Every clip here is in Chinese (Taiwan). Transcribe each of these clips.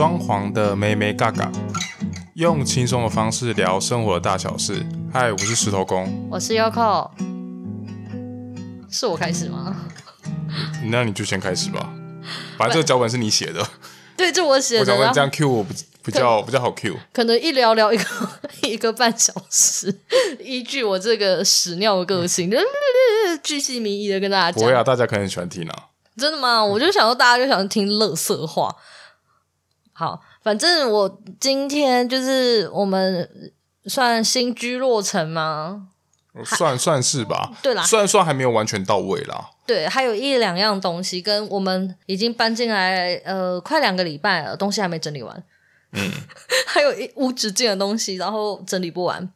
裝潢的眉眉角角，用輕鬆的方式聊生活的大小事。嗨，我是石頭公，我是 Yoko。是我開始嗎？那你就先開始吧。反正這個腳本是你寫的對，對，就我寫的。我腳本這樣 Q，我比較比較好 Q。可能一聊聊一個一個半小時，依據我這個屎尿的個性，嗯、就巨細靡遺的跟大家講。不會啊，大家可能很喜歡聽啊。真的嗎？我就想說，大家就想聽垃圾話。好，反正我今天就是我們算新居落成嗎？算算是吧，對啦，算算還沒有完全到位啦。對，還有一兩樣東西跟我們已經搬進來，呃，快兩個禮拜了，東西還沒整理完。嗯， 還有一無止境的東西，然後整理不完。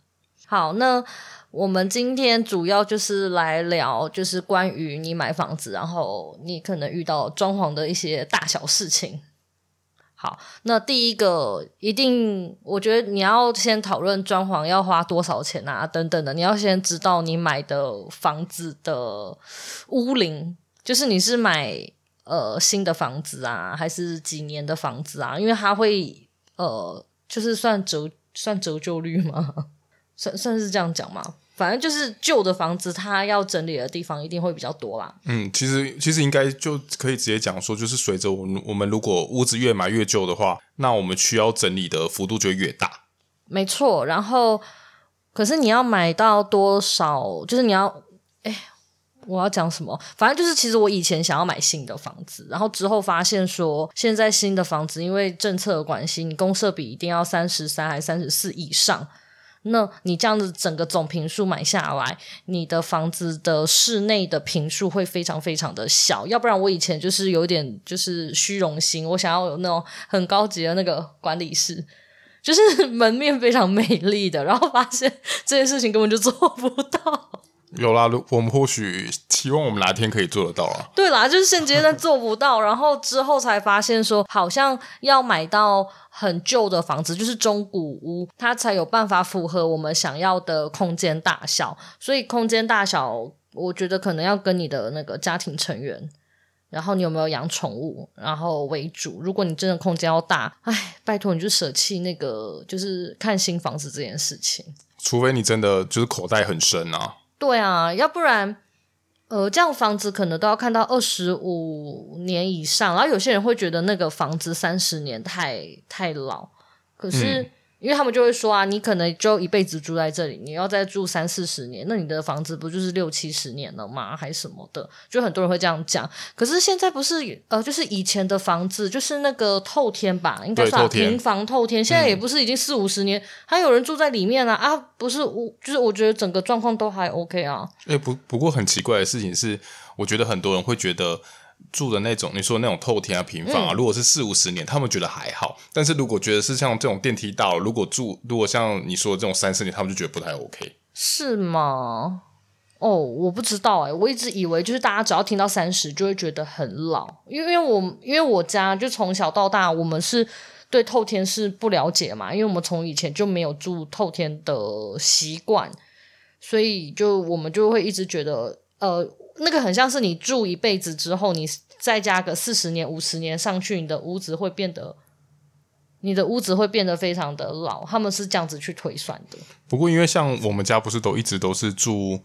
好，那我們今天主要就是來聊，就是關於你買房子，然後你可能遇到裝潢的一些大小事情。好，那第一個一定，我覺得你要先討論裝潢要花多少錢啊，等等的，你要先知道你買的房子的屋齡，就是你是買呃新的房子啊，還是幾年的房子啊？因為它會呃，就是算折算折舊率嗎？算算是這樣講嗎？反正就是舊的房子，它要整理的地方一定會比較多啦。嗯，其實其實應該就可以直接講說，就是隨着我們我們如果屋子越買越舊的話，那我們需要整理的幅度就越大。沒錯，然後可是你要買到多少？就是你要，哎，我要講什麼？反正就是，其實我以前想要買新的房子，然後之後發現說，現在新的房子因為政策的關係，你公設比一定要三十三還是三十四以上。那你這樣子整個總坪數買下來，你的房子的室內的坪數會非常非常的小。要不然我以前就是有點就是虛榮心，我想要有那種很高級的那個管理室，就是門面非常美麗的，然後發現這件事情根本就做不到。有啦，我們或許期望我們哪天可以做得到啊。對啦，就是現階段做不到， 然後之後才發現說，好像要買到很舊的房子，就是中古屋，它才有辦法符合我們想要的空間大小。所以空間大小，我覺得可能要跟你的那個家庭成員，然後你有沒有養寵物，然後為主。如果你真的空間要大，哎，拜托你就捨棄那個，就是看新房子這件事情。除非你真的就是口袋很深啊。對啊，要不然，呃，這樣房子可能都要看到二十五年以上，然後有些人會覺得那個房子三十年太太老，可是，嗯因為他們就會說啊，你可能就一輩子住在這裡，你要再住三四十年，那你的房子不就是六七十年了嗎？還什麼的？就很多人會這樣講。可是現在不是呃，就是以前的房子，就是那個透天吧，應該是、啊、平房透天。現在也不是已經四五十年，嗯、還有人住在裡面啊。啊？不是我，就是我覺得整個狀況都還 OK 啊。欸、不不過很奇怪的事情是，我覺得很多人會覺得。住的那種，你說那種透天啊、平房啊，嗯、如果是四五十年，他們覺得還好；但是如果覺得是像這種電梯道，如果住，如果像你說的這種三四年，他們就覺得不太 OK。是嗎？哦，我不知道誒、欸，我一直以為就是大家只要聽到三十，就會覺得很老，因為我因為我家就從小到大，我們是對透天是不了解嘛，因為我們從以前就沒有住透天的習慣，所以就我們就會一直覺得。呃，那個很像是你住一輩子之後，你再加個四十年、五十年上去，你的屋子會變得，你的屋子會變得非常的老。他們是這樣子去推算的。不過，因為像我們家不是都一直都是住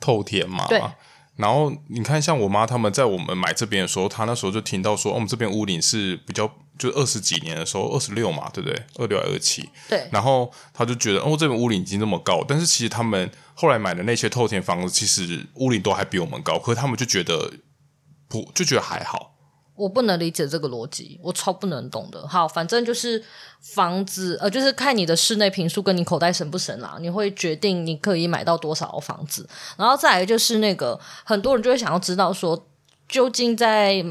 透天嘛，然後你看，像我媽他們在我們買這邊的時候，她那時候就聽到說，哦，我們這邊屋頂是比較就二十幾年的時候，二十六嘛，對不對？二六還二七。對。然後他就覺得，哦，這邊屋頂已經這麼高，但是其實他們後來買的那些透天房子，其實屋頂都還比我們高，可是他們就覺得不就覺得還好。我不能理解這個邏輯，我超不能懂的。好，反正就是房子，呃，就是看你的室內坪數，跟你口袋神不神啦、啊，你會決定你可以買到多少房子。然後再來就是那個，很多人就會想要知道說，究竟在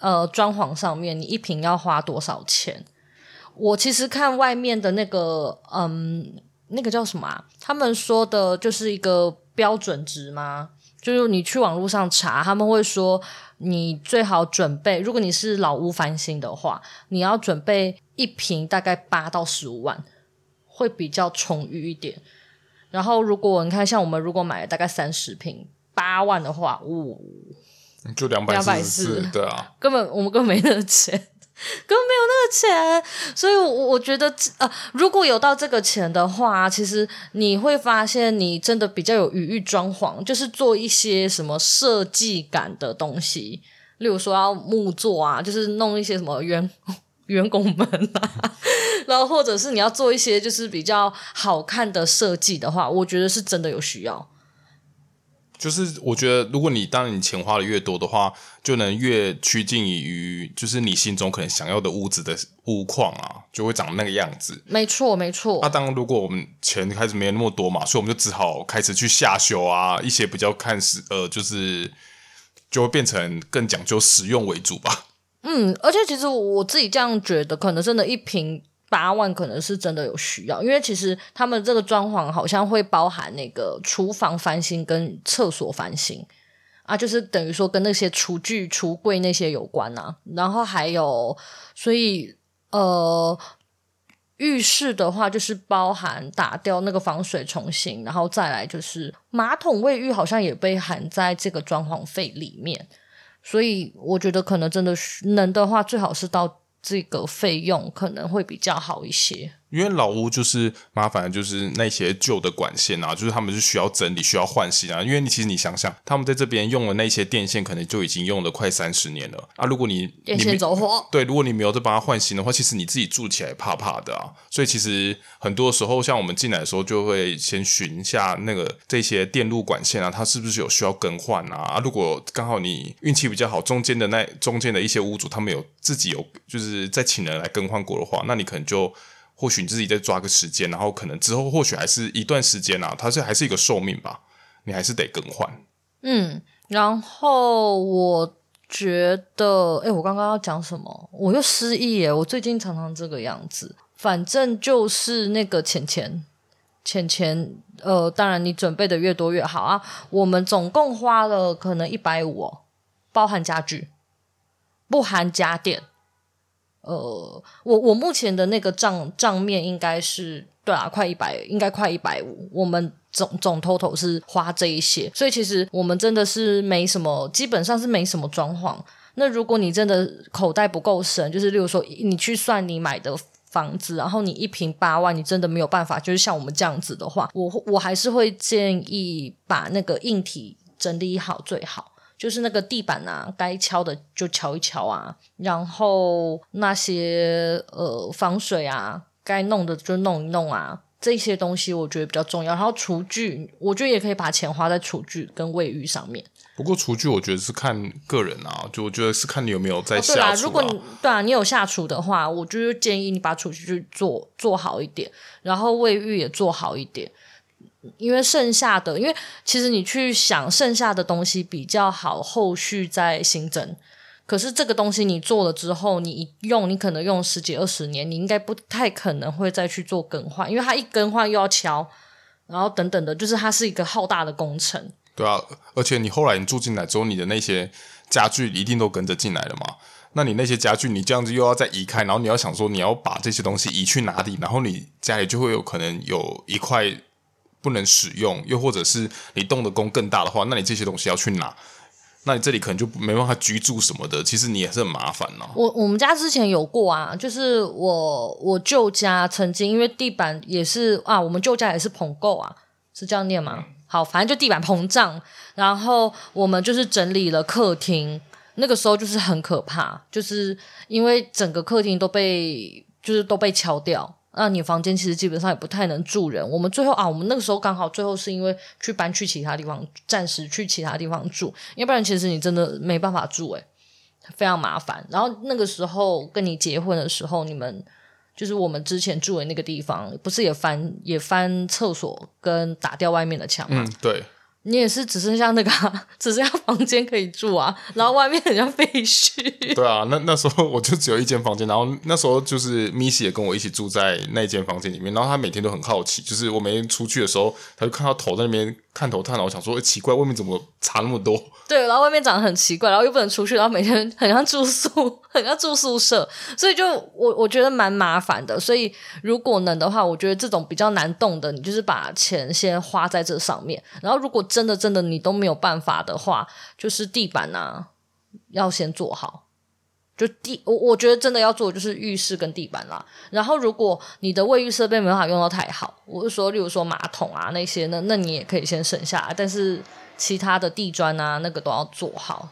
呃裝潢上面，你一坪要花多少錢？我其實看外面的那個，嗯，那個叫什麼啊？他們說的就是一個標準值嗎？就是你去網絡上查，他們會說你最好準備，如果你是老屋翻新的話，你要準備一坪大概八到十五萬，會比較充裕一點。然後如果你看像我們，如果買了大概三十坪，八萬的話，五、哦、就兩百四，對啊，根本我們根本沒那個錢。可沒有那個錢，所以，我我覺得，呃、啊，如果有到這個錢的話，其實你會發現，你真的比較有餘裕裝潢，就是做一些什麼設計感的東西，例如說要木作啊，就是弄一些什麼圓圓拱門啦、啊，然後或者是你要做一些就是比較好看的設計的話，我覺得是真的有需要。就是我覺得，如果你當然你錢花的越多的話，就能越趨近於就是你心中可能想要的屋子的屋況啊，就會長那個樣子。沒錯，沒錯。那、啊、當然如果我們錢開始沒那麼多嘛，所以我們就只好開始去下修啊，一些比較看實呃，就是就會變成更講究實用為主吧。嗯，而且其實我，我自己這樣覺得，可能真的，一瓶。八萬可能是真的有需要，因為其實他們這個裝潢好像會包含那個廚房翻新跟廁所翻新啊，就是等於說跟那些廚具、櫥櫃那些有關吶啊。然後還有，所以呃，浴室的話就是包含打掉那個防水重新，然後再來就是馬桶衛浴好像也被含在這個裝潢費裡面。所以我覺得可能真的能的話，最好是到。這個費用可能會比較好一些。因為老屋就是麻煩，就是那些舊的管線啊，就是他們是需要整理、需要換新啊。因為你其實你想想，他們在這邊用的那些電線，可能就已經用了快三十年了啊。如果你電線走火，對，如果你沒有再幫他換新的話，其實你自己住起來怕怕的啊。所以其實很多時候，像我們進來的時候，就會先詢一下那個這些電路管線啊，它是不是有需要更換啊？啊如果剛好你運氣比較好，中間的那中間的一些屋主他們有自己有就是在請人來更換過的話，那你可能就。或許你自己再抓個時間，然後可能之後或許還是一段時間啊，它是還是一個壽命吧，你還是得更換。嗯，然後我覺得，哎、欸，我剛剛要講什麼？我又失憶耶！我最近常常這個樣子，反正就是那個錢錢錢錢。呃，當然你準備得越多越好啊。我們總共花了可能一百五，包含家具，不含家電。呃，我我目前的那個賬賬面應該是，對啊，快一百，應該快一百五。我們總總 total 是花這一些，所以其實我們真的是沒什麼，基本上是沒什麼裝潢。那如果你真的口袋不夠深，就是例如說你去算你買的房子，然後你一平八萬，你真的沒有辦法，就是像我們這樣子的話，我我還是會建議把那個硬體整理好最好。就是那個地板啊，該敲的就敲一敲啊，然後那些呃防水啊，該弄的就弄一弄啊，這些東西我覺得比較重要。然後廚具，我覺得也可以把錢花在廚具跟衛浴上面。不過廚具我覺得是看個人啊，就我覺得是看你有沒有在下廚啊。啊對啊，如果你，對啊，你有下廚的話，我就建議你把廚具做做好一點，然後衛浴也做好一點。因為剩下的，因為其實你去想剩下的東西比較好，後續再新增。可是這個東西你做了之後，你一用你可能用十幾二十年，你應該不太可能會再去做更換，因為它一更換又要敲，然後等等的，就是它是一個浩大的工程。對啊，而且你後來你住進來之後，你的那些家具一定都跟着進來了嘛。那你那些家具，你這樣子又要再移開，然後你要想說你要把這些東西移去哪裡？然後你家裡就會有可能有一塊。不能使用，又或者是你動的工更大的話，那你這些東西要去哪，那你這裡可能就沒辦法居住什麼的。其實你也是很麻煩哦、啊。我我們家之前有過啊，就是我我舊家曾經因為地板也是啊，我們舊家也是膨夠啊，是這樣念嗎？嗯、好，反正就地板膨脹，然後我們就是整理了客廳，那個時候就是很可怕，就是因為整個客廳都被就是都被敲掉。那，啊，你房間其實基本上也不太能住人。我們最後啊，我們那個時候剛好最後是因為去搬去其他地方，暫時去其他地方住，要不然其實你真的沒辦法住，欸，誒，非常麻煩。然後那個時候跟你結婚的時候，你們就是我們之前住的那個地方，不是也翻也翻廁所跟打掉外面的牆嗎？嗯，對。你也是只剩下那個啊，只剩下房間可以住啊，然後外面很像廢墟。 對啊，那那時候我就只有一間房間，然後那時候就是米西也跟我一起住在那間房間裡面，然後他每天都很好奇，就是我每天出去的時候，他就看到頭在那邊。探頭探腦，我想說，欸，奇怪，外面怎麼差那麼多？對，然後外面長得很奇怪，然後又不能出去，然後每天很像住宿，很像住宿舍，所以就我我覺得蠻麻煩的。所以如果能的話，我覺得這種比較難動的，你就是把錢先花在這上面。然後如果真的真的你都沒有辦法的話，就是地板吶、啊，要先做好。就地，我我覺得真的要做的就是浴室跟地板啦。然後，如果你的衛浴設備沒辦法用到太好，我是說，例如說馬桶啊那些呢，那那你也可以先省下來。但是其他的地磚啊，那個都要做好。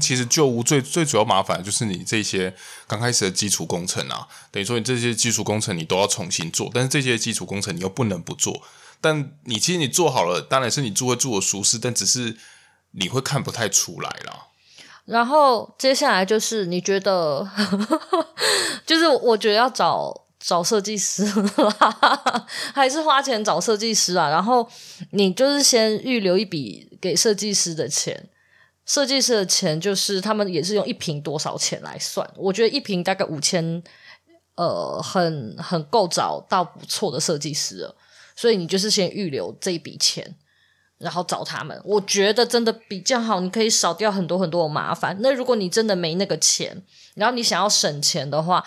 其實舊屋最最主要麻煩的就是你這些剛開始的基礎工程啊，等於說你這些基礎工程你都要重新做，但是這些基礎工程你又不能不做。但你其實你做好了，當然是你住會住的舒適，但只是你會看不太出來啦。然後接下來就是你覺得， 就是我覺得要找找設計師哈，還是花錢找設計師啊？然後你就是先預留一筆給設計師的錢，設計師的錢就是他們也是用一坪多少錢來算。我覺得一坪大概五千，呃，很很夠找到不錯的設計師了。所以你就是先預留這一筆錢。然後找他們，我覺得真的比較好，你可以少掉很多很多的麻煩。那如果你真的沒那個錢，然後你想要省錢的話，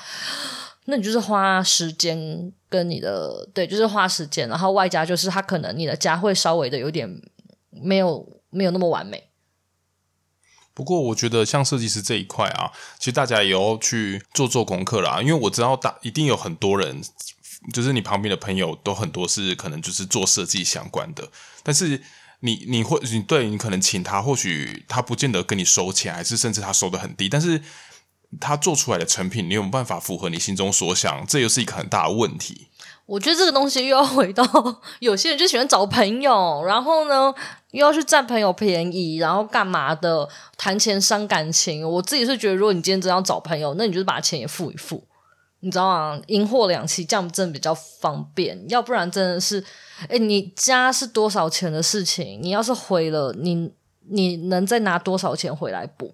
那你就是花時間跟你的對，就是花時間，然後外加就是他可能你的家會稍微的有點沒有沒有那麼完美。不過我覺得像設計師這一塊啊，其實大家也要去做做功課啦、啊，因為我知道大一定有很多人，就是你旁邊的朋友都很多是可能就是做設計相關的，但是。你你會你對你可能請他，或許他不見得跟你收錢，還是甚至他收得很低，但是他做出來的成品，你有沒有辦法符合你心中所想？這又是一個很大的問題。我覺得這個東西又要回到有些人就喜歡找朋友，然後呢又要去佔朋友便宜，然後幹嘛的？談錢傷感情。我自己是覺得，如果你今天真要找朋友，那你就是把錢也付一付，你知道嗎、啊？銀貨兩訖這樣真的比較方便，要不然真的是。哎、欸，你家是多少錢的事情？你要是毀了，你你能再拿多少錢回來補？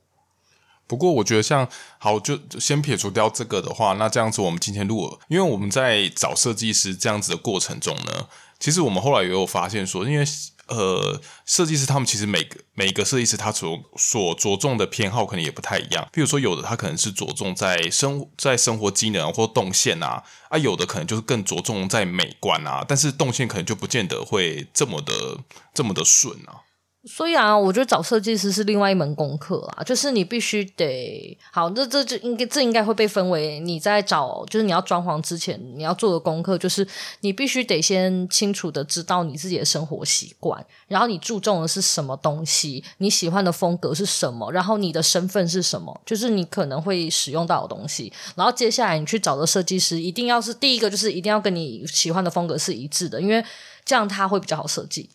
不過我覺得像，像好就先撇除掉這個的話，那這樣子我們今天如果因為我們在找設計師這樣子的過程中呢，其實我們後來也有發現說，因為。呃，設計師他們其實每、每個每個設計師他所所着重的偏好可能也不太一樣。譬如說，有的他可能是着重在生在生活機能或動線啊，啊，有的可能就是更着重在美觀啊，但是動線可能就不見得會這麼的這麼的順啊。所以啊，我覺得找設計師是另外一門功課啊，就是你必須得好，那這就應該這應該會被分為你在找，就是你要裝潢之前你要做的功課，就是你必須得先清楚的知道你自己的生活習慣，然後你注重的是什麼東西，你喜歡的風格是什麼，然後你的身份是什麼，就是你可能會使用到的東西，然後接下來你去找的設計師一定要是第一個，就是一定要跟你喜歡的風格是一致的，因為這樣他會比較好設計。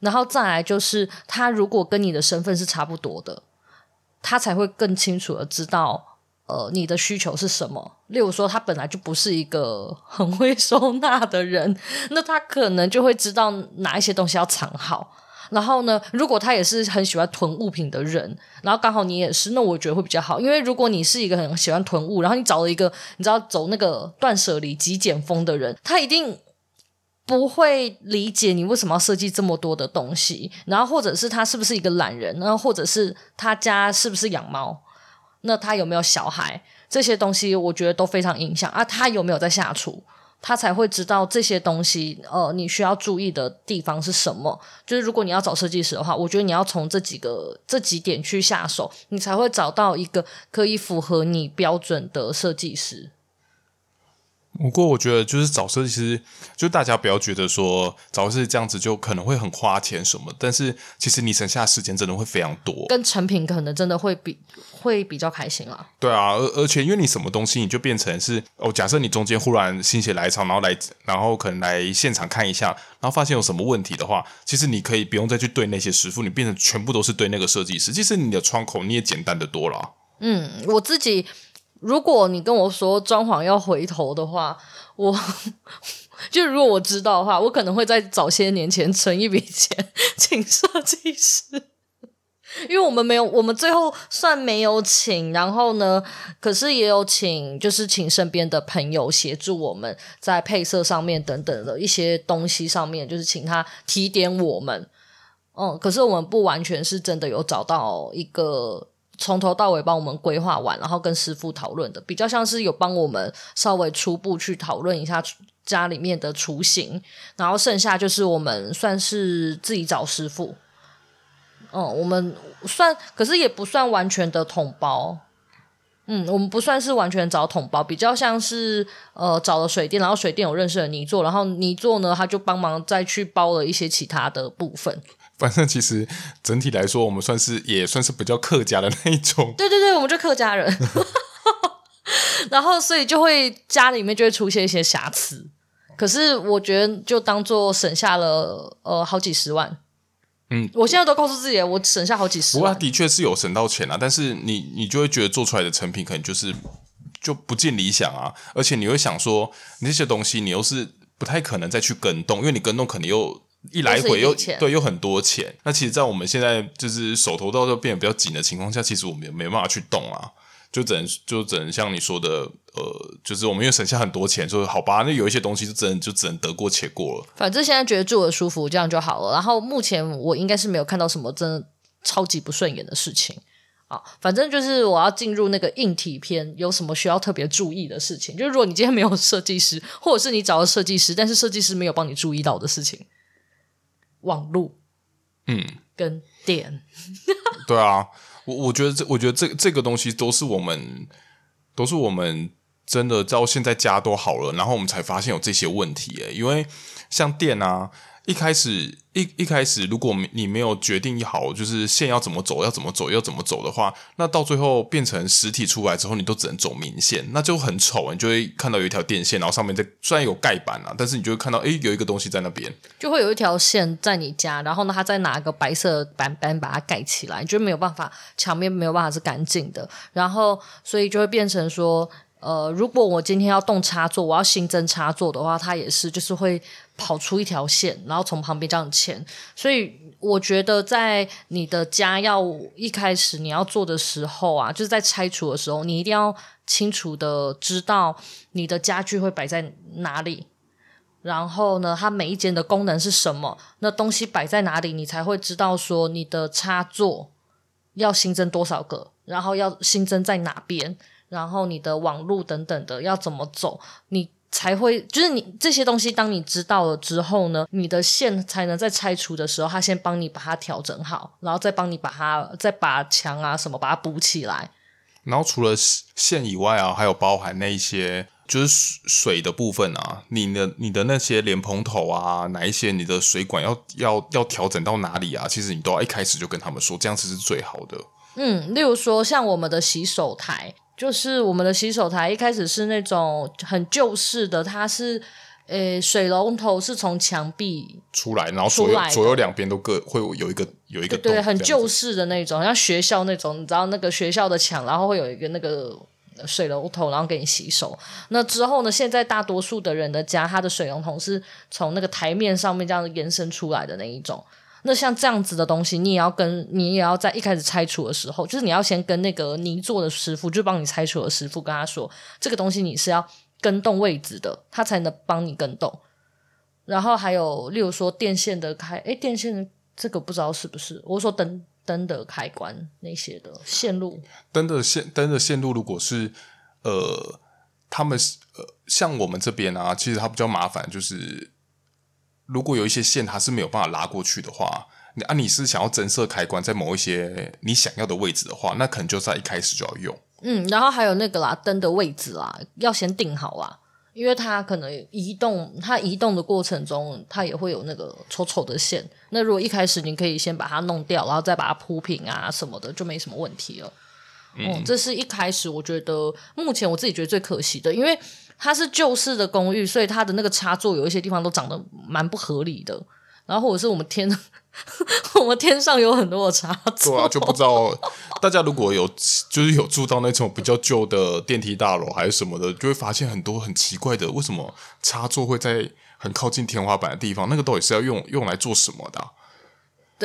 然後再來就是，他如果跟你的身份是差不多的，他才會更清楚地知道，呃，你的需求是什麼。例如說，他本來就不是一個很會收納的人，那他可能就會知道哪一些東西要藏好。然後呢，如果他也是很喜歡囤物品的人，然後剛好你也是，那我覺得會比較好。因為如果你是一個很喜歡囤物，然後你找了一個你知道走那個斷捨離、極簡風的人，他一定。不會理解你為什麼要設計這麼多的東西，然後或者是他是不是一個懶人，然後或者是他家是不是養貓？那他有沒有小孩？這些東西我覺得都非常影響啊。他有沒有在下廚？他才會知道這些東西呃，你需要注意的地方是什麼。就是如果你要找設計師的話，我覺得你要從這幾個這幾點去下手，你才會找到一個可以符合你標準的設計師。不過我覺得，就是找設計師，就大家不要覺得說找是這樣子，就可能會很花錢什麼。但是其實你省下時間真的會非常多，跟成品可能真的會比會比較開心啊。對啊，而而且因為你什麼東西，你就變成是哦，假設你中間忽然心血來潮，然後來，然後可能來現場看一下，然後發現有什麼問題的話，其實你可以不用再去對那些師傅，你變成全部都是對那個設計師，其實你的窗口你也簡單的多了。嗯，我自己。如果你跟我說裝潢要回頭的話，我就如果我知道的話，我可能會在早些年前存一筆錢請設計師。因為我們沒有，我們最後算沒有請，然後呢，可是也有請，就是請身邊的朋友協助我們在配色上面等等的一些東西上面，就是請他提點我們。嗯，可是我們不完全是真的有找到一個。從頭到尾幫我們規劃完，然後跟師傅討論的，比較像是有幫我們稍微初步去討論一下家裡面的雛形，然後剩下就是我們算是自己找師傅。嗯，我們算，可是也不算完全的統包。嗯，我們不算是完全找統包，比較像是呃找了水電，然後水電有認識的泥作，然後泥作呢，他就幫忙再去包了一些其他的部分。反正其實整體來說，我們算是也算是比較客家的那一種。對對對，我們就客家人， 然後所以就會家裡面就會出現一些瑕疵。可是我覺得就當做省下了呃好幾十萬。嗯，我現在都告訴自己，我省下好幾十萬。我的確是有省到錢啦，但是你你就會覺得做出來的成品可能就是就不盡理想啊，而且你會想說那些東西你又是不太可能再去跟動，因為你跟動肯定又。一來一回又對，又很多錢，那其實，在我們現在就是手頭到時候變得比較緊的情況下，其實我們也沒辦法去動啊，就只能就只能像你說的，呃，就是我們又省下很多錢，說好吧，那有一些東西就只能就只能得過且過了。反正現在覺得住的舒服，這樣就好了。然後目前我應該是沒有看到什麼真的超級不順眼的事情啊。反正就是我要進入那個硬體篇，有什麼需要特別注意的事情？就是如果你今天沒有設計師，或者是你找了設計師，但是設計師沒有幫你注意到的事情。網路，嗯，跟電，對啊，我我覺得，我覺得這，我覺得這這個東西都是我們，都是我們真的到現在家都好了，然後我們才發現有這些問題哎，因為像電啊。一開始一一開始，如果你沒有決定好，就是線要怎麼走，要怎麼走，要怎麼走的話，那到最後變成實體出來之後，你都只能走明線，那就很醜。你就會看到有一條電線，然後上面在雖然有蓋板啊，但是你就會看到，誒，有一個東西在那邊，就會有一條線在你家，然後呢，它再拿一個白色板板把它蓋起來，就沒有辦法，牆面沒有辦法是乾淨的，然後，所以就會變成說，呃，如果我今天要動插座，我要新增插座的話，它也是就是會。跑出一條線，然後從旁邊這樣牽。所以我覺得，在你的家要一開始你要做的時候啊，就是在拆除的時候，你一定要清楚的知道你的家具會擺在哪裡。然後呢，它每一間的功能是什麼，那東西擺在哪裡，你才會知道說你的插座要新增多少個，然後要新增在哪邊，然後你的網路等等的要怎麼走，你。才會就是你這些東西，當你知道了之後呢，你的線才能在拆除的時候，他先幫你把它調整好，然後再幫你把它再把牆啊什麼把它補起來。然後除了線以外啊，還有包含那一些就是水的部分啊，你的你的那些蓮蓬頭啊，哪一些你的水管要要要調整到哪裡啊？其實你都要一開始就跟他們說，這樣子是最好的。嗯，例如說像我們的洗手台。就是我們的洗手台一開始是那種很舊式的。它是，呃、欸，水龍頭是從牆壁出來，出來，然後所有左右兩邊都各會有一個有一個，對，對，很舊式的那種，像學校那種，你知道那個學校的牆，然後會有一個那個水龍頭，然後給你洗手。那之後呢，現在大多數的人的家，它的水龍頭是從那個台面上面這樣延伸出來的那一種。那像這樣子的東西，你也要跟，你也要在一開始拆除的時候，就是你要先跟那個泥作的師傅，就幫你拆除的師傅，跟他說這個東西你是要更動位置的，他才能幫你更動。然後還有，例如說電線的開，誒，電線這個不知道是不是我說燈燈的開關那些的線路，燈的線燈的線路如果是呃，他們呃像我們這邊啊，其實它比較麻煩，就是。如果有一些線它是沒有辦法拉過去的話，你啊你是想要增設開關在某一些你想要的位置的話，那可能就在一開始就要用。嗯，然後還有那個啦，燈的位置啦，要先定好啦，因為它可能移動，它移動的過程中它也會有那個醜醜的線。那如果一開始你可以先把它弄掉，然後再把它鋪平啊什麼的，就沒什麼問題了。嗯、哦，這是一開始我覺得目前我自己覺得最可惜的，因為。它是舊式的公寓，所以它的那個插座有一些地方都長得蠻不合理的。然後或者是我們天， 我們天上有很多的插座，對啊，就不知道大家如果有就是有住到那種比較舊的電梯大樓還是什麼的，就會發現很多很奇怪的，為什麼插座會在很靠近天花板的地方？那個到底是要用用來做什麼的啊？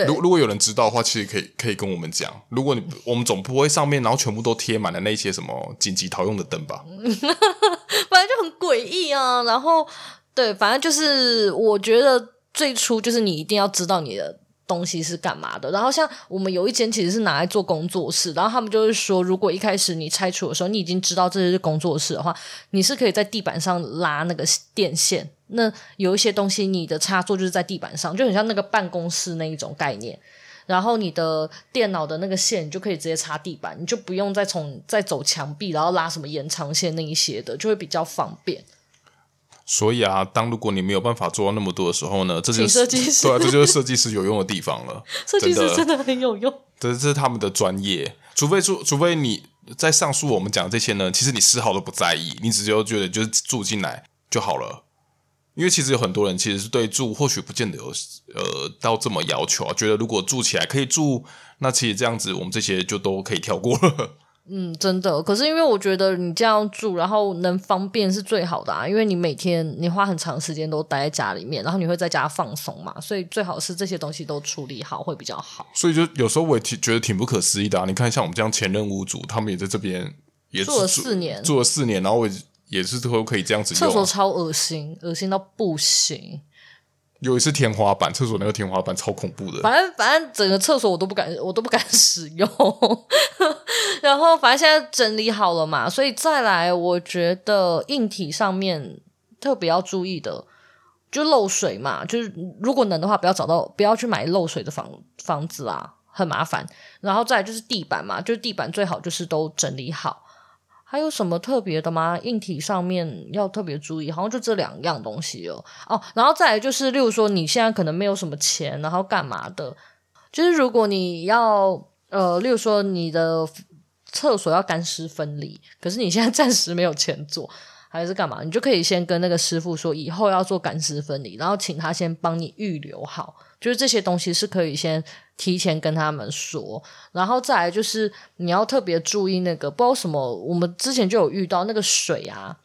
如對如果有人知道的話，其實可以可以跟我們講。如果你我們總不會上面，然後全部都貼滿了那些什麼緊急逃用的燈吧，反正 就很詭異啊。然後對，反正就是我覺得最初就是你一定要知道你的。東西是幹嘛的？然後像我們有一間其實是拿來做工作室，然後他們就是說，如果一開始你拆除的時候，你已經知道這些是工作室的話，你是可以在地板上拉那個電線。那有一些東西，你的插座就是在地板上，就很像那個辦公室那一種概念。然後你的電腦的那個線，你就可以直接插地板，你就不用再從再走牆壁，然後拉什麼延長線那一些的，就會比較方便。所以啊，當如果你沒有辦法做到那麼多的時候呢，這就是設計師，對啊，這就是設計師有用的地方了。設計師真的很有用，這這是他們的專業。除非除非你在上述我們講的這些呢，其實你絲毫都不在意，你只有覺得就是住進來就好了。因為其實有很多人其實是對住，或許不見得有呃到這麼要求啊，覺得如果住起來可以住，那其實這樣子我們這些就都可以跳過了。嗯，真的。可是因為我覺得你這樣住，然後能方便是最好的啊。因為你每天你花很長時間都待在家裡面，然後你會在家放鬆嘛，所以最好是這些東西都處理好會比較好。所以就有時候我也挺覺得挺不可思議的啊。你看像我們這樣前任屋主，他們也在這邊也是住，住了四年，住了四年，然後我也是都可以這樣子。廁所超噁心，噁心到不行。有一次天花板，廁所那個天花板超恐怖的。反正反正整個廁所我都不敢，我都不敢使用。 然後反正現在整理好了嘛，所以再來，我覺得硬體上面特別要注意的，就漏水嘛，就是如果能的話，不要找到，不要去買漏水的房房子啊，很麻煩。然後再來就是地板嘛，就是地板最好就是都整理好。還有什麼特別的嗎？硬體上面要特別注意，好像就這兩樣東西哦。哦，然後再來就是，例如說你現在可能沒有什麼錢，然後幹嘛的？就是如果你要，呃，例如說你的廁所要乾濕分離，可是你現在暫時沒有錢做。還是幹嘛？你就可以先跟那個師傅說，以後要做乾濕分離，然後請他先幫你預留好。就是這些東西是可以先提前跟他們說。然後再來就是你要特別注意那個，不知道什麼，我們之前就有遇到那個水啊，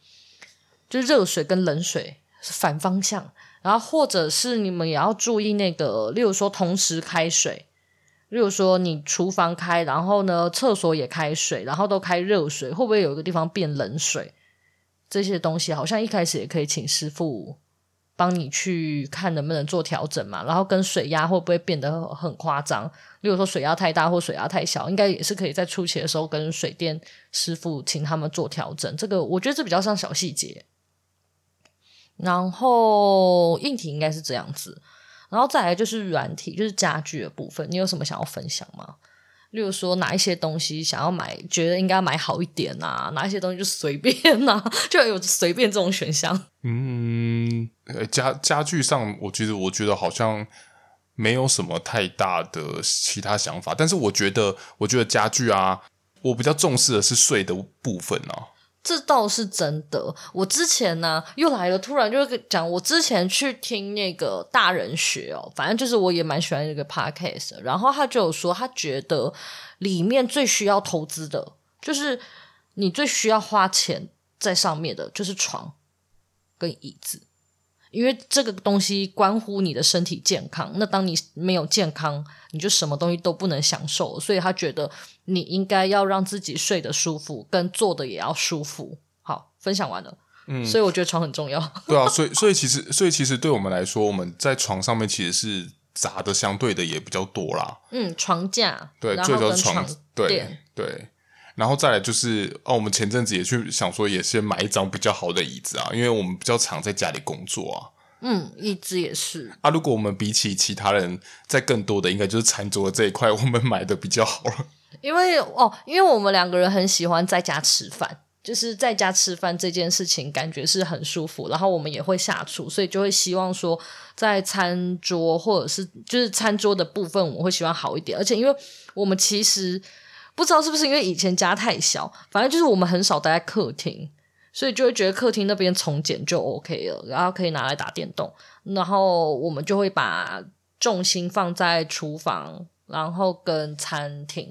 就是熱水跟冷水是反方向。然後或者是你們也要注意那個，例如說同時開水，例如說你廚房開，然後呢廁所也開水，然後都開熱水，會不會有一個地方變冷水？這些東西好像一開始也可以請師傅幫你去看能不能做調整嘛，然後跟水壓會不會變得很誇張？如果說水壓太大或水壓太小，應該也是可以在初期的時候跟水電師傅請他們做調整。這個我覺得這比較像小細節。然後硬體應該是這樣子，然後再來就是軟體，就是家具的部分，你有什麼想要分享嗎？例如說，哪一些東西想要買，覺得應該買好一點啊，哪一些東西就隨便吶、啊，就有隨便這種選項。嗯，家家具上，我覺得我覺得好像沒有什麼太大的其他想法。但是我覺得，我覺得家具啊，我比較重視的是睡的部分哦、啊。這倒是真的。我之前呢、啊、又來了，突然就講我之前去聽那個大人學哦，反正就是我也蠻喜歡那個 podcast。然後他就有說，他覺得裡面最需要投資的，就是你最需要花錢在上面的，就是床跟椅子。因為這個東西關乎你的身體健康，那當你沒有健康，你就什麼東西都不能享受。所以他覺得你應該要讓自己睡得舒服，跟坐的也要舒服。好，分享完了。嗯，所以我覺得床很重要。對啊，所以所以其實所以其實對我們來說，我們在床上面其實是砸的相對的也比較多啦。嗯，床架對，然後跟床墊對。對然後再來就是哦、啊，我們前陣子也去想說，也是買一張比較好的椅子啊，因為我們比較常在家裡工作啊。嗯，椅子也是啊。如果我們比起其他人在更多的，應該就是餐桌的這一塊，我們買的比較好了。因為哦，因為我們兩個人很喜歡在家吃飯，就是在家吃飯這件事情感覺是很舒服，然後我們也會下廚，所以就會希望說在餐桌或者是就是餐桌的部分，我們會希望好一點。而且因為我們其實。不知道是不是因為以前家太小，反正就是我們很少待在客廳，所以就會覺得客廳那邊重剪就 OK 了，然後可以拿來打電動，然後我們就會把重心放在廚房，然後跟餐廳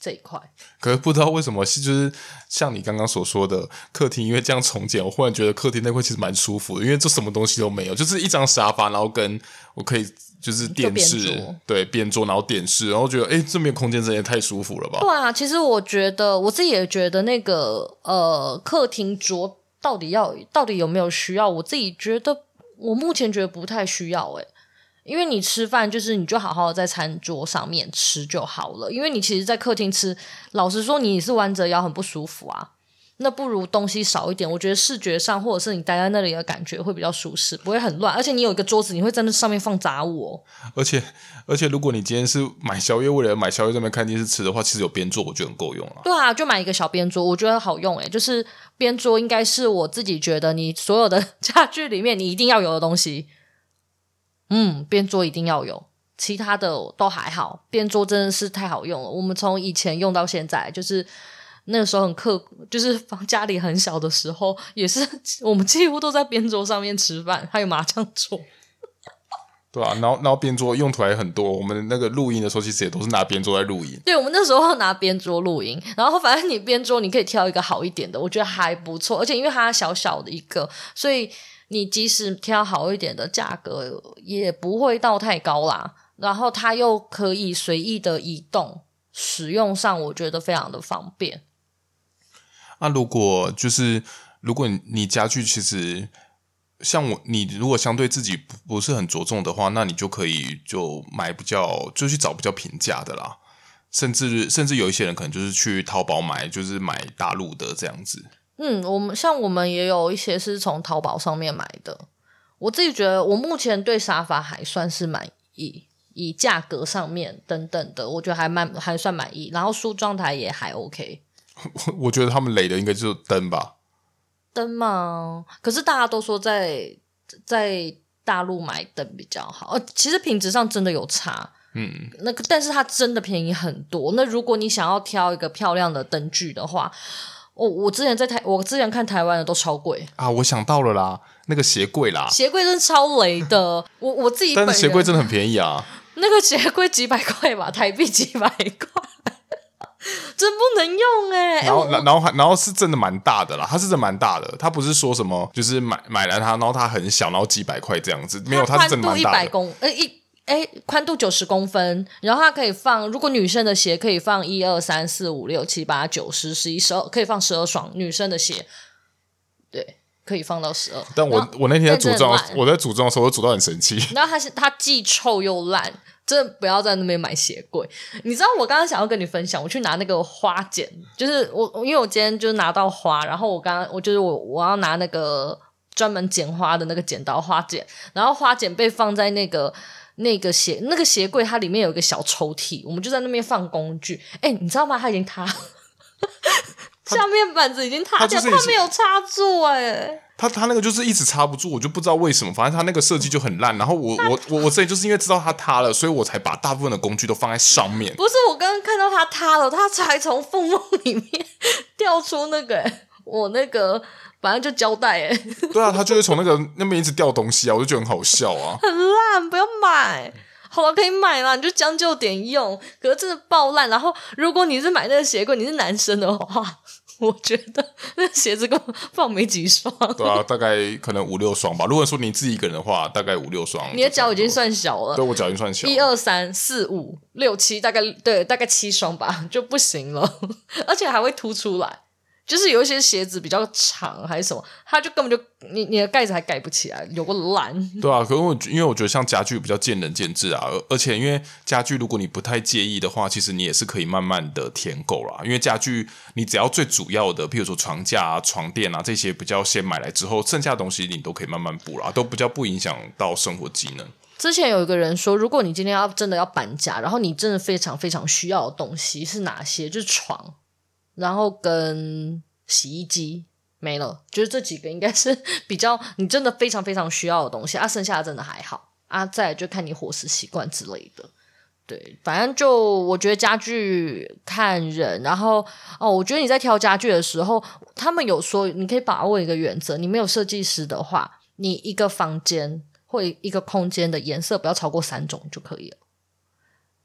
這一塊。可是不知道為什麼，就是像你剛剛所說的客廳，因為這樣重剪，我忽然覺得客廳那塊其實蠻舒服的，因為這什麼東西都沒有，就是一張沙發，然後跟我可以。就是電視對邊桌，然後電視，然後覺得哎，這邊空間真的太舒服了吧？對啊，其實我覺得我自己也覺得那個呃，客廳桌到底要到底有沒有需要？我自己覺得我目前覺得不太需要哎、欸，因為你吃飯就是你就好好在餐桌上面吃就好了，因為你其實，在客廳吃，老實說你是彎着腰很不舒服啊。那不如東西少一點，我覺得視覺上或者是你待在那裡的感覺會比較舒適，不會很亂。而且你有一個桌子，你會在那上面放雜物哦。而且，而且，如果你今天是買宵夜，為了買宵夜在那邊看電視吃的話，其實有邊桌，我覺得很夠用了、啊。對啊，就買一個小邊桌，我覺得好用誒、欸。就是邊桌應該是我自己覺得你所有的家具裡面你一定要有的東西。嗯，邊桌一定要有，其他的都還好。邊桌真的是太好用了，我們從以前用到現在，就是。那個時候很刻苦，就是房家裡很小的時候，也是我們幾乎都在邊桌上面吃飯，還有麻將桌。對啊，然後然後邊桌用途還很多。我們那個錄音的時候，其實也都是拿邊桌來錄音。對，我們那時候拿邊桌錄音。然後反正你邊桌，你可以挑一個好一點的，我覺得還不錯。而且因為它小小的一個，所以你即使挑好一點的，價格也不會到太高啦。然後它又可以隨意的移動，使用上我覺得非常的方便。那、啊、如果就是，如果你家具其實像我，你如果相對自己不是很着重的話，那你就可以就買比較，就去找比較平價的啦。甚至甚至有一些人可能就是去淘寶買，就是買大陸的這樣子。嗯，我們像我們也有一些是從淘寶上面買的。我自己覺得，我目前對沙發還算是滿意，以價格上面等等的，我覺得還蠻還算滿意。然後梳妝台也還 OK。我我覺得他們雷的應該就是燈吧，燈嘛，可是大家都說在在大陸買燈比較好。呃，其實品質上真的有差，嗯，那個，但是它真的便宜很多。那如果你想要挑一個漂亮的燈具的話，我，我之前在台，我之前看台灣的都超貴啊！我想到了啦，那個鞋櫃啦，鞋櫃真的超雷的。 我我自己，但是鞋櫃真的很便宜啊，那個鞋櫃幾百塊吧，台幣幾百塊。真不能用哎、欸！然後，欸、然後，然後還，然後是真的蠻大的啦。它是真的蠻大的，它不是說什麼就是買買來它，然後它很小，然後幾百塊這樣子，沒有，它是真的蠻大的，它寬100、欸欸。寬度一百公，呃，一哎，寬度九十公分，然後它可以放，如果女生的鞋可以放一二三四五六七八九十十一十二，可以放十二雙女生的鞋。對，可以放到十二。但我後我那天在組裝，我在組裝的時候，我組裝很神奇。然後它是它既臭又爛。真的不要在那邊買鞋櫃，你知道我剛剛想要跟你分享，我去拿那個花剪，就是我因為我今天就拿到花，然後我剛剛我就是我我要拿那個專門剪花的那個剪刀花剪，然後花剪被放在那個那個鞋那個鞋櫃，它裡面有一個小抽屜，我們就在那邊放工具，哎、欸，你知道嗎？它已經塌， 下面板子已經塌掉，它，它沒有插座哎、欸，他他那個就是一直插不住，我就不知道為什麼。反正他那個設計就很爛。然後我他我我我這裡就是因為知道它塌了，所以我才把大部分的工具都放在上面。不是我剛剛看到他塌了，他才從縫縫裡面掉出那個、欸、我那個，反正就膠帶哎。對啊，他就會從那個那邊一直掉東西啊，我就覺得很好笑啊。很爛，不要買。好吧？可以買啦，你就將就點用。可是真的爆爛。然後，如果你是買那個鞋櫃，你是男生的話。我覺得那鞋子夠放沒幾雙，對啊，大概可能五六雙吧。如果說你自己一個人的話，大概五六雙。你的腳已經算小了，對，我腳已經算小了。一二三四五六七，大概對，大概七雙吧，就不行了，而且還會凸出來。就是有一些鞋子比較長還是什麼，它就根本就你你的蓋子還蓋不起來。啊，有個欄。對啊，可能我因為我覺得像家具比較見仁見智啊，而且因為家具如果你不太介意的話，其實你也是可以慢慢的添購啦。因為家具你只要最主要的，譬如說床架啊、床墊啊這些比較先買來之後，剩下的東西你都可以慢慢補啦，都比較不影響到生活機能。之前有一個人說，如果你今天要真的要搬家，然後你真的非常非常需要的東西是哪些？就是床。然後跟洗衣機沒了，就是這幾個應該是比較你真的非常非常需要的東西啊。剩下的真的還好啊，再來就看你伙食習慣之類的。對，反正就我覺得家具看人，然後哦，我覺得你在挑家具的時候，他們有說你可以把握一個原則，你沒有設計師的話，你一個房間或一個空間的顏色不要超過三種就可以了。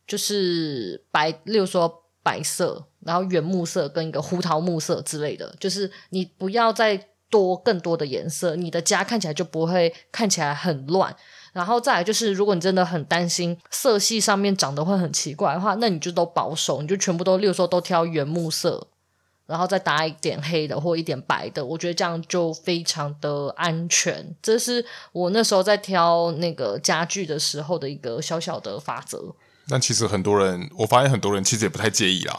就是白，例如說。白色，然後原木色跟一個胡桃木色之類的，就是你不要再多更多的顏色，你的家看起來就不會看起來很亂。然後再來就是，如果你真的很擔心色系上面長得會很奇怪的話，那你就都保守，你就全部都，例如說都挑原木色，然後再搭一點黑的或一點白的，我覺得這樣就非常的安全。這是我那時候在挑那個家具的時候的一個小小的法則。但其實很多人，我發現很多人其實也不太介意啦。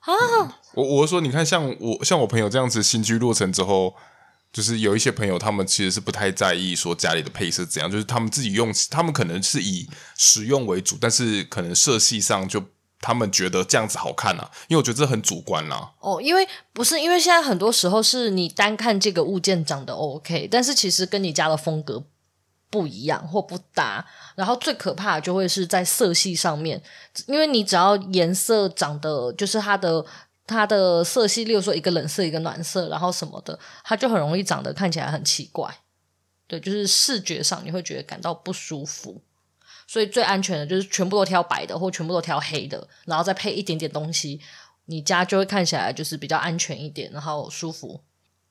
啊，嗯、我我說你看，像我像我朋友這樣子新居落成之後，就是有一些朋友他們其實是不太在意說家裡的配色怎樣，就是他們自己用，他們可能是以實用為主，但是可能色系上就他們覺得這樣子好看啊，因為我覺得這很主觀啦。哦，因為不是，因為現在很多時候是你單看這個物件長得 OK，但是其實跟你家的風格不不一樣或不搭，然後最可怕的就會是在色系上面，因為你只要顏色長得就是它的它的色系，例如說一個冷色一個暖色，然後什麼的，它就很容易長得看起來很奇怪，對，就是視覺上你會覺得感到不舒服。所以最安全的就是全部都挑白的，或全部都挑黑的，然後再配一點點東西，你家就會看起來就是比較安全一點，然後舒服。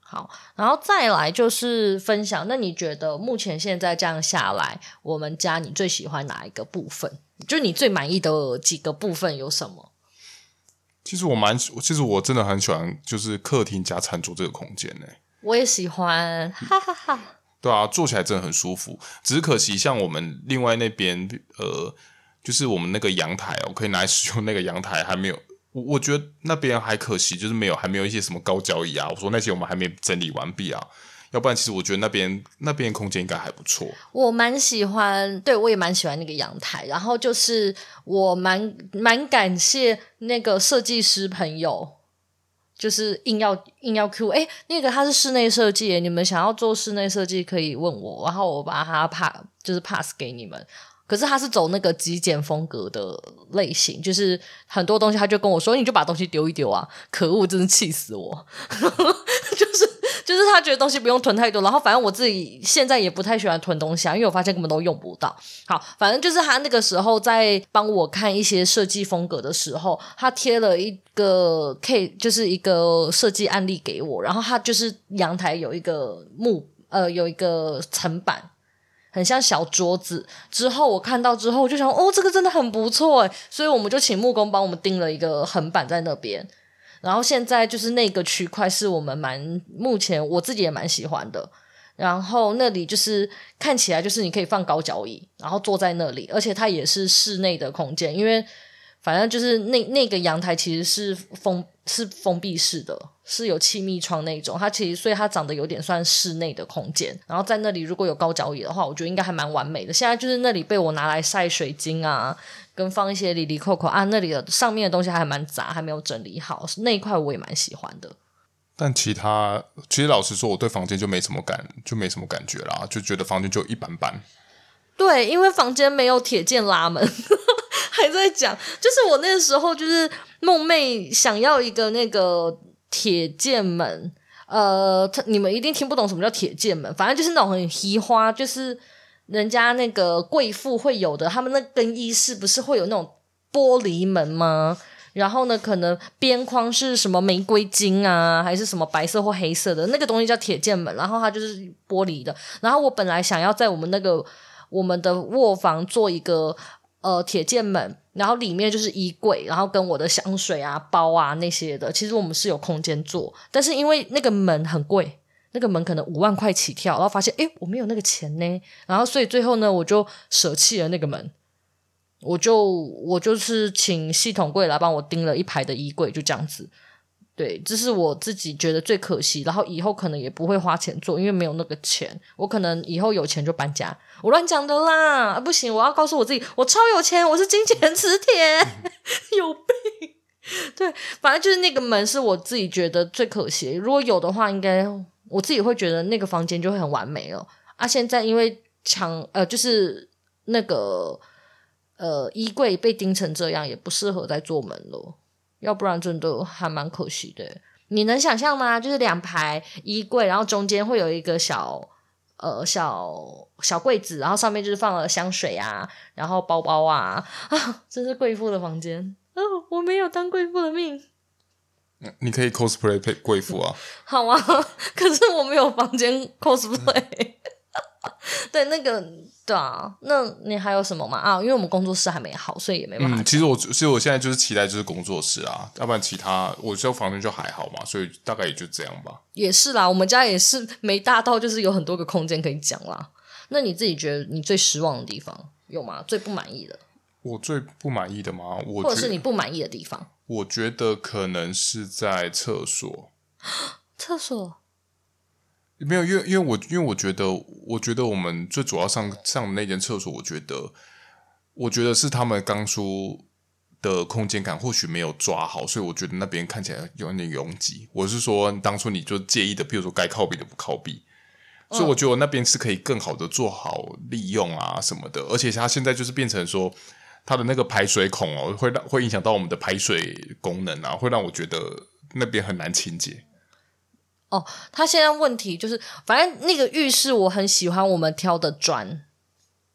好，然後再來就是分享。那你覺得目前現在這樣下來，我們家你最喜歡哪一個部分？就是你最滿意的幾個部分有什麼？其實我蠻，其實我真的很喜歡，就是客廳加餐桌這個空間呢。我也喜歡，哈哈哈哈。對啊，坐起來真的很舒服。只可惜，像我們另外那邊，呃，就是我們那個陽台哦，我可以拿來使用那個陽台還沒有。我我覺得那邊還可惜，就是沒有還沒有一些什麼高腳椅啊。我說那些我們還沒整理完畢啊，要不然其實我覺得那邊那邊空間應該還不錯。我蠻喜歡，對我也蠻喜歡那個陽台。然後就是我蠻蠻感謝那個設計師朋友，就是硬要硬要 cue，u 哎，那個他是室內設計，你們想要做室內設計可以問我，然後我把它 pass 就是 pass 給你們。可是他是走那個極簡風格的類型，就是很多東西他就跟我說，你就把東西丟一丟啊！可惡，真是氣死我！ 就是就是他覺得東西不用囤太多，然後反正我自己現在也不太喜歡囤東西啊，因為我發現根本都用不到。好，反正就是他那個時候在幫我看一些設計風格的時候，他貼了一個 K，就是一個設計案例給我，然後他就是陽台有一個木，呃，有一個層板。很像小桌子。之後我看到之後，我就想，哦，這個真的很不錯哎。所以我們就請木工幫我們釘了一個橫板在那邊。然後現在就是那個區塊是我們蠻目前我自己也蠻喜歡的。然後那裡就是看起來就是你可以放高腳椅，然後坐在那裡，而且它也是室內的空間，因為。反正就是那那個陽台其實是封是封閉式的，是有氣密窗那種。它其實所以它長得有點算室內的空間。然後在那裡如果有高腳椅的話，我覺得應該還蠻完美的。現在就是那裡被我拿來曬水晶啊，跟放一些里里扣扣啊，那裡的上面的東西還蠻雜，還沒有整理好。那一塊我也蠻喜歡的。但其他其實老實說，我對房間就沒什麼感，就沒什麼感覺啦，就覺得房間就一般般。對，因為房間沒有鐵件拉門。 還在講，就是我那時候就是夢寐想要一個那個鐵件門。呃它，你們一定聽不懂什麼叫鐵件門？反正就是那種很花，就是人家那個貴婦會有的，他們那更衣室不是會有那種玻璃門嗎？然後呢，可能邊框是什麼玫瑰金啊，還是什麼白色或黑色的，那個東西叫鐵件門，然後它就是玻璃的。然後我本來想要在我們那個我們的臥房做一個。呃，鐵件門，然後裡面就是衣櫃，然後跟我的香水啊、包啊那些的，其實我們是有空間做，但是因為那個門很貴，那個門可能五萬塊起跳，然後發現哎，我沒有那個錢呢，然後所以最後呢，我就捨棄了那個門，我就我就是請系統櫃來幫我訂了一排的衣櫃，就這樣子。對，這是我自己覺得最可惜，然後以後可能也不會花錢做，因為沒有那個錢。我可能以後有錢就搬家，我亂講的啦。啊、不行，我要告訴我自己，我超有錢，我是金錢磁鐵，嗯、 有病。對，反正就是那個門是我自己覺得最可惜。如果有的話，應該我自己會覺得那個房間就會很完美了，哦。啊，現在因為牆呃，就是那個呃衣櫃被釘成這樣，也不適合再做門了。要不然真的還蠻可惜的。你能想象嗎？就是兩排衣櫃，然後中間會有一個小呃小小櫃子，然後上面就是放了香水啊，然後包包啊啊，真是貴婦的房間。哦，我沒有當貴婦的命。你可以 cosplay 貴婦啊。好啊，可是我沒有房間 cosplay。嗯 對，那個對啊，那你還有什麼嗎？啊，因為我們工作室還沒好，所以也沒辦法、嗯。其實我，其實我現在就是期待就是工作室啊，對要不然其他我這房間就還好嘛，所以大概也就這樣吧。也是啦，我們家也是沒大到，就是有很多個空間可以講啦。那你自己覺得你最失望的地方有嗎？最不滿意的？我最不滿意的嗎？我或者是你不滿意的地方？我覺得可能是在廁所。廁所。沒有，因為因為我因為我覺得，我覺得我們最主要上上的那間廁所，我覺得，我覺得是他們當初的空間感或許沒有抓好，所以我覺得那邊看起來有點擁擠。我是說，當初你就介意的，比如說該靠壁的不靠壁，所以我覺得我那邊是可以更好的做好利用啊什麼的。而且它現在就是變成說，它的那個排水孔哦，會讓會影響到我們的排水功能啊，會讓我覺得那邊很難清潔。哦，他現在問題就是，反正那個浴室我很喜歡，我們挑的磚，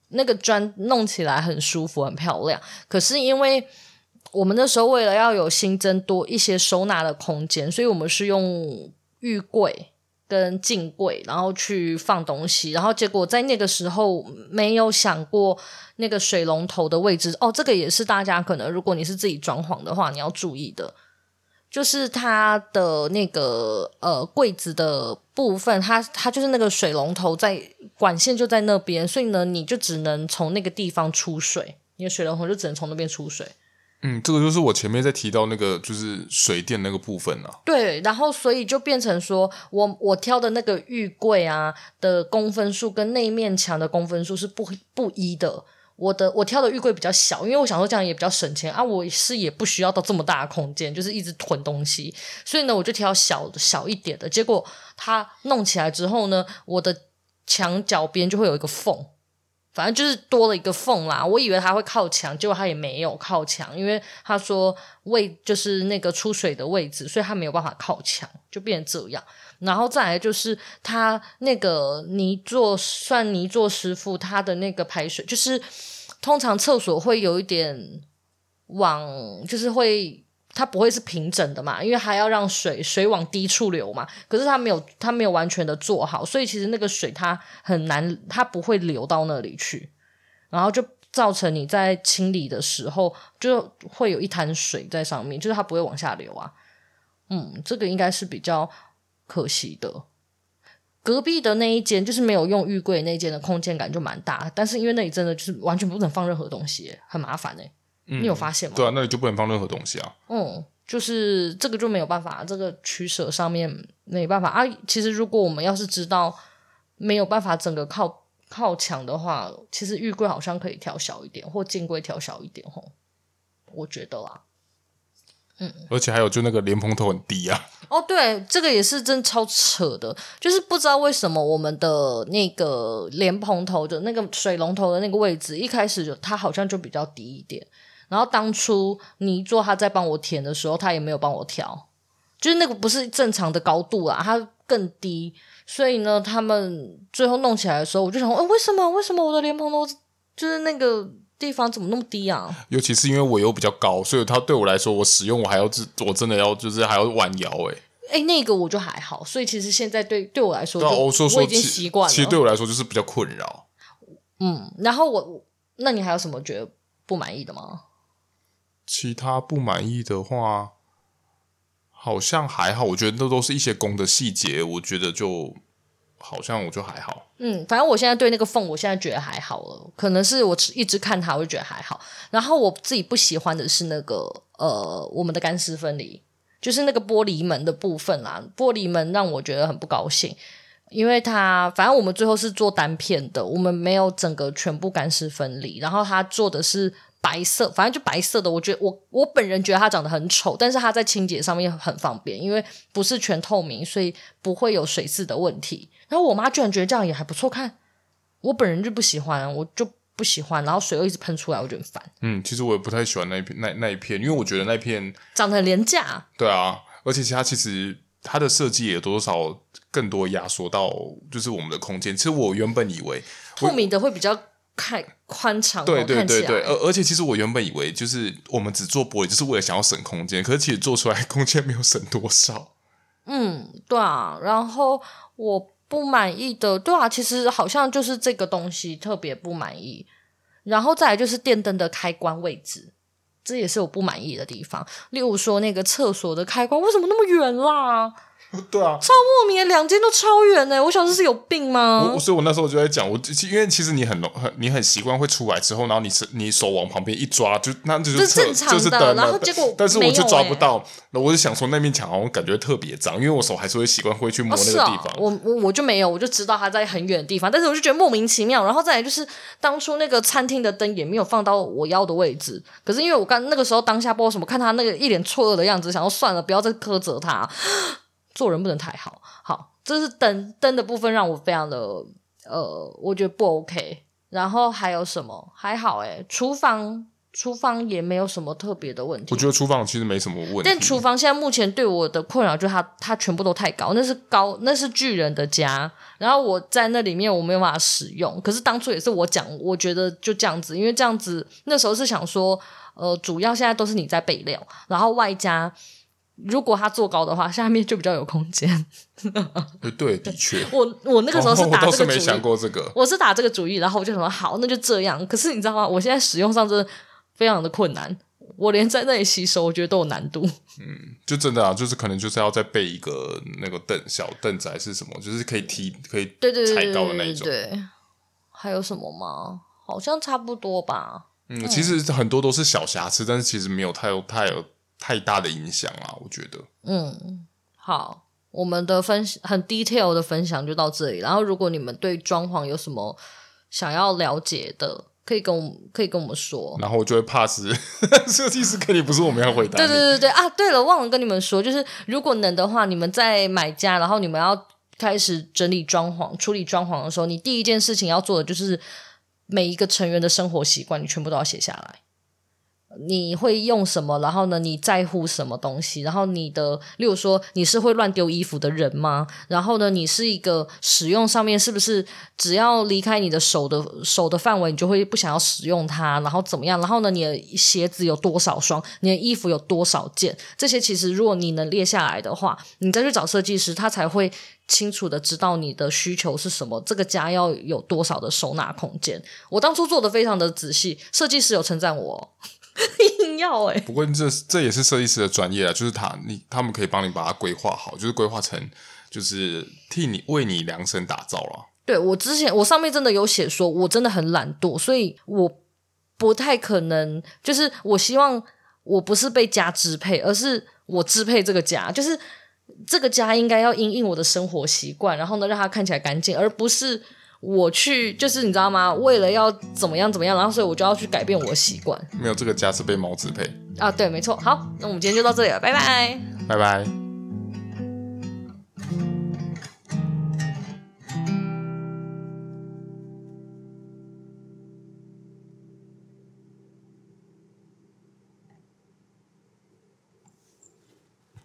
那個磚弄起來很舒服、很漂亮。可是因為我們那時候為了要有新增多一些收納的空間，所以我們是用浴櫃跟鏡櫃，然後去放東西。然後結果在那個時候沒有想過那個水龍頭的位置。哦，這個也是大家可能如果你是自己裝潢的話，你要注意的。就是它的那個呃櫃子的部分，它它就是那個水龍頭在管線就在那邊，所以呢，你就只能從那個地方出水，你的水龍頭就只能從那邊出水。嗯，這個就是我前面在提到那個就是水電那個部分啊。對，然後所以就變成說我我挑的那個浴櫃啊的公分數跟那一面牆的公分數是不不一的。我的我挑的浴櫃比較小，因為我想說這樣也比較省錢啊，我是也不需要到這麼大的空間，就是一直囤東西，所以呢，我就挑小小一點的。結果它弄起來之後呢，我的牆角邊就會有一個縫，反正就是多了一個縫啦。我以為它會靠牆，結果它也沒有靠牆，因為他說位就是那個出水的位置，所以它沒有辦法靠牆，就變成這樣。然後再來就是他那個泥作，算泥作師傅他的那個排水，就是通常廁所會有一點往，就是會它不會是平整的嘛，因為還要讓水水往低處流嘛。可是他沒有他沒有完全的做好，所以其實那個水它很難它不會流到那裡去，然後就造成你在清理的時候就會有一灘水在上面，就是它不會往下流啊。嗯，這個應該是比較。可惜的，隔壁的那一間就是沒有用浴櫃，那間的空間感就蠻大，但是因為那裡真的就是完全不能放任何東西，很麻煩哎。嗯、你有發現嗎？對啊，那裡就不能放任何東西啊。嗯，就是這個就沒有辦法，這個取捨上面沒辦法啊。其實如果我們要是知道沒有辦法整個靠靠牆的話，其實浴櫃好像可以調小一點，或鏡櫃調小一點吼，我覺得啊。嗯，而且還有，就那個蓮蓬頭很低啊。嗯。哦，對，這個也是真超扯的，就是不知道為什麼我們的那個蓮蓬頭的那個水龍頭的那個位置，一開始就它好像就比較低一點。然後當初你做他在幫我填的時候，他也沒有幫我調，就是那個不是正常的高度啦，它更低。所以呢，他們最後弄起來的時候，我就想說，欸，為什麼？為什麼我的蓮蓬頭就是那個？地方怎麼那麼低啊？尤其是因為我有比較高，所以它對我來說，我使用我還要，我真的要，就是還要彎腰。哎哎，那個我就還好，所以其實現在對對我來說，我、哦、說、說我已經習慣了。其、其實對我來說就是比較困擾。嗯，然後我，那你還有什麼覺得不滿意的嗎？其他不滿意的話，好像還好。我覺得那都是一些工的細節，我覺得就。好像我就還好，嗯，反正我現在對那個縫，我現在覺得還好了，可能是我一直看它，我就覺得還好。然後我自己不喜歡的是那個呃，我們的乾濕分離，就是那個玻璃門的部分啦、啊。玻璃門讓我覺得很不高興，因為它反正我們最後是做單片的，我們沒有整個全部乾濕分離，然後它做的是。白色，反正就白色的。我覺得我我本人覺得它長得很醜，但是它在清潔上面很方便，因為不是全透明，所以不會有水漬的問題。然後我媽居然覺得這樣也還不錯看，我本人就不喜歡，我就不喜歡。然後水又一直噴出來，我覺得煩。嗯，其實我也不太喜歡那一片那那一片，因為我覺得那片長得很廉價。對啊，而且其他其實它的設計也多少更多壓縮到就是我們的空間。其實我原本以為透明的會比較。太寬敞了，對，對對對對，看起來，而而且其實我原本以為就是我們只做玻璃，就是為了想要省空間，可是其實做出來空間沒有省多少。嗯，對啊。然後我不滿意的，對啊，其實好像就是這個東西特別不滿意。然後再來就是電燈的開關位置，這也是我不滿意的地方。例如說那個廁所的開關，為什麼那麼遠啦？對啊，超莫名的，兩間都超遠哎！我想這是有病嗎？我所以，我那時候就在講，我因為其實你很很你很習慣會出來之後，然後你手你手往旁邊一抓，就那就是正常的。然後結果但，但是我就抓不到，欸、然後我就想說那面牆好像感覺特別髒，因為我手還是會習慣會去摸、哦啊、那個地方。我我就沒有，我就知道他在很遠的地方，但是我就覺得莫名其妙。然後再來就是，當初那個餐廳的燈也沒有放到我要的位置。可是因為我剛那個時候當下不知道什麼，看他那個一臉錯愕的樣子，想說算了，不要再苛責他。做人不能太好，好，這是燈燈的部分，讓我非常的呃，我覺得不 OK。然後還有什麼？還好誒、欸，廚房廚房也沒有什麼特別的問題。我覺得廚房其實沒什麼問題，但廚房現在目前對我的困擾就是它它全部都太高，那是高，那是巨人的家。然後我在那裡面，我沒有辦法使用。可是當初也是我講，我覺得就這樣子，因為這樣子那時候是想說，呃，主要現在都是你在備料，然後外加。如果它做高的話，下面就比較有空間。 欸、對，的確，我我那個時候是打這個主意，我是沒想過這個，我是打這個主意，然後我就想說好，那就這樣。可是你知道嗎？我現在使用上真的非常的困難，我連在那裡洗手，我覺得都有難度。嗯，就真的啊，就是可能就是要再備一個那個凳，小凳子還是什麼，就是可以踢，可以對對踩高的那一種。對，對，對，對，對，對，還有什麼嗎？好像差不多吧。嗯，嗯其實很多都是小瑕疵，但是其實沒有太有，太有。太大的影響啊，我覺得。嗯，好，我們的分享很 detail 的分享就到這裡。然後，如果你們對裝潢有什麼想要了解的，可以跟我們可以跟我們說。然後我就會 pass，s s 設計師，肯定不是我們要回答。對對對對啊！對了，忘了跟你們說，就是如果能的話，你們在買家，然後你們要開始整理裝潢、處理裝潢的時候，你第一件事情要做的就是每一個成員的生活習慣，你全部都要寫下來。你會用什麼？然後呢？你在乎什麼東西？然後你的，例如說，你是會亂丟衣服的人嗎？然後呢？你是一個使用上面是不是只要離開你的手的、手的範圍，你就會不想要使用它？然後怎麼樣？然後呢？你的鞋子有多少雙？你的衣服有多少件？這些其實，如果你能列下來的話，你再去找設計師，他才會清楚的知道你的需求是什麼。這個家要有多少的收納空間？我當初做得非常的仔細，設計師有稱讚我。 硬要誒、欸，不過這這也是設計師的專業啊，就是他你他們可以幫你把它規劃好，就是規劃成就是替你為你量身打造了。對，我之前我上面真的有寫說，我真的很懶惰，所以我不太可能，就是我希望我不是被家支配，而是我支配這個家，就是這個家應該要因應我的生活習慣，然後呢，讓它看起來乾淨，而不是。我去，就是你知道嗎？為了要怎麼樣怎麼樣，然後所以我就要去改變我的習慣。沒有，這個家是被貓支配啊。啊，對，沒錯。好，那我們今天就到這裡了，拜拜，拜拜。